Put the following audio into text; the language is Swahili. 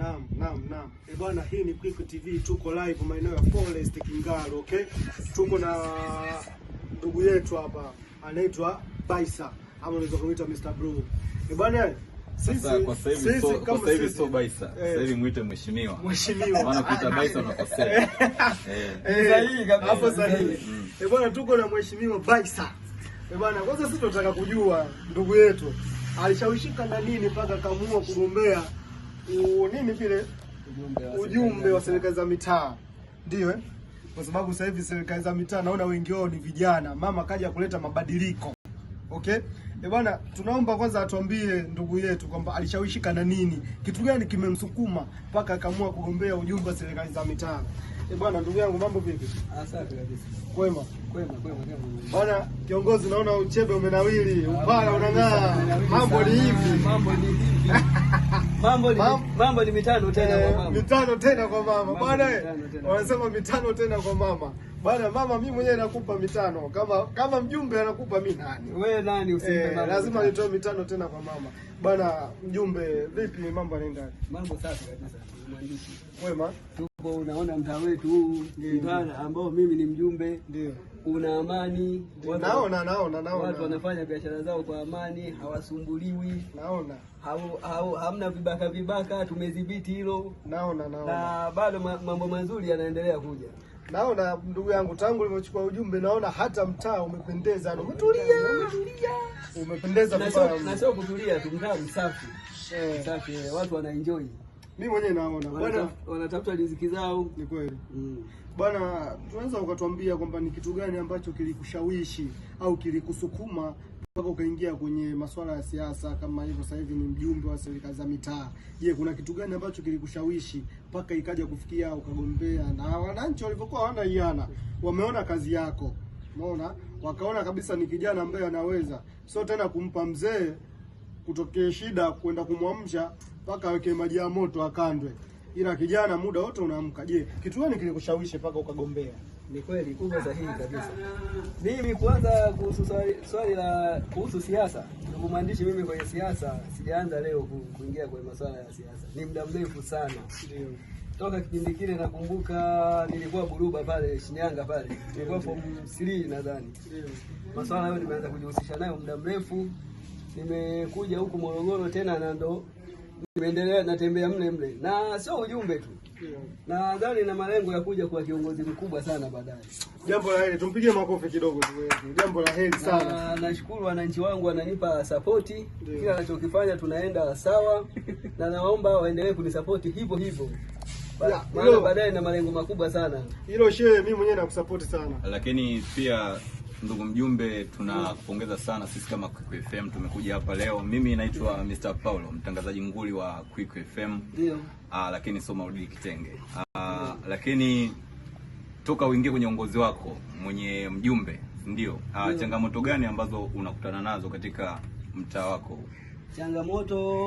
Naam, naam, naam. Eh, bwana hii ni Quick TV tuko live maeneo ya Forest Kingalo, okay? Tuko na ndugu yetu hapa anaitwa Baisa ama unaweza kumuita Mr. Blue. Eh, bwana eh, kwa sasa hivi so, kwa sasa hivi so Baisa. Eh, sasa hivi muite mheshimiwa. Mheshimiwa. Maana kuita Baisa unakosea. Eh. eh. eh. Sahihi kabisa. Hapo sahihi. Mm. Eh, bwana tuko na mheshimiwa Baisa. Eh, bwana kwanza sisi tunataka kujua ndugu yetu alishawishika na nini mpaka kaamua kugombea nini vile ujumbe wa serikali za mitaa, ndio eh? kwa sababu sasa hivi serikali za mitaa naona wengi wao ni vijana. Mama kaja kuleta mabadiliko okay. E bwana, tunaomba kwanza atuambie ndugu yetu kwamba alishawishika na nini, kitu gani kimemsukuma mpaka akaamua kugombea ujumbe wa serikali za mitaa. E bwana, ndugu yangu, mambo vipi? Asante kabisa, kwema kwema kwema. Bwana kiongozi, naona uchebe umenawili, ah, upara unang'aa, mambo ni hivi, mambo ni hivi Mambo ni mambo ni mitano tena kwa eh, mama. Mitano tena kwa mama. Bwana, wanasema mitano tena kwa mama. Bwana mama, mimi mwenyewe nakupa mitano kama kama mjumbe anakupa mimi nani wewe nani usimpe eh, mama, lazima nitoe mitano tena kwa mama. Bwana mjumbe, vipi mambo yanaenda? Mambo safi kabisa, mwandishi wema. Tuko unaona mtaa wetu huu mtaa ambao mimi ni mjumbe, ndio una amani, naona naona naona watu wanafanya biashara zao kwa amani, hawasumbuliwi, naona hau, hau, hamna vibaka vibaka, tumedhibiti hilo, naona naona na bado mambo mazuri yanaendelea kuja naona ndugu yangu, tangu ulivyochukua ujumbe, naona hata mtaa umependeza, umetulia, umependeza. Na kutulia tu, mtaa msafi, msafi, eh. eh, watu wanaenjoy mi mwenyewe naona bwana, wanatafuta riziki zao. Ni kweli mm. Bwana, tunaweza ukatuambia kwamba ni kitu gani ambacho kilikushawishi au kilikusukuma mpaka ukaingia kwenye masuala ya siasa kama hivyo? Sasa hivi ni mjumbe wa serikali za mitaa. Je, kuna kitu gani ambacho kilikushawishi mpaka ikaja kufikia ukagombea? Na wananchi walivyokuwa hawana iana, wameona kazi yako, umeona, wakaona kabisa ni kijana ambaye anaweza, sio tena kumpa mzee kutokea shida kwenda kumwamsha mpaka aweke maji ya moto akandwe, ila kijana muda wote unaamka. Je, kitu gani kilikushawishi mpaka ukagombea? Ni kweli kubwa sahihi kabisa. Mimi kwanza kuhusu swali, swali la kuhusu siasa, ndugu mwandishi, mimi kwenye siasa sijaanza leo kuingia kwenye masuala ya siasa, ni muda mrefu sana Ndiyo. Toka kipindi kile nakumbuka nilikuwa Buruba pale Shinyanga pale, nilikuwa form 3 nadhani. Masuala hayo nimeanza kujihusisha nayo muda mrefu, nimekuja huku Morogoro tena na ndo nimeendelea natembea mle mle, na sio ujumbe tu, nadhani na malengo ya kuja kuwa kiongozi mkubwa sana baadaye. Jambo la heri, tumpigie makofi kidogo. Jambo la heri sana. Nashukuru wananchi wangu wananipa sapoti kila anachokifanya tunaenda sawa, na naomba waendelee kunisapoti hivyo hivyo baadaye na malengo makubwa sana. Hilo shehe, mimi mwenyewe nakusapoti sana, lakini pia Ndugu mjumbe, tunakupongeza sana. Sisi kama Quick FM tumekuja hapa leo. Mimi naitwa Mr. Paulo, mtangazaji nguli wa Quick FM. Ndio. Ah, lakini sio Maulidi Kitenge. Ah, lakini toka uingie kwenye uongozi wako mwenye mjumbe, ndio. Ah, changamoto gani ambazo unakutana nazo katika mtaa wako? Changamoto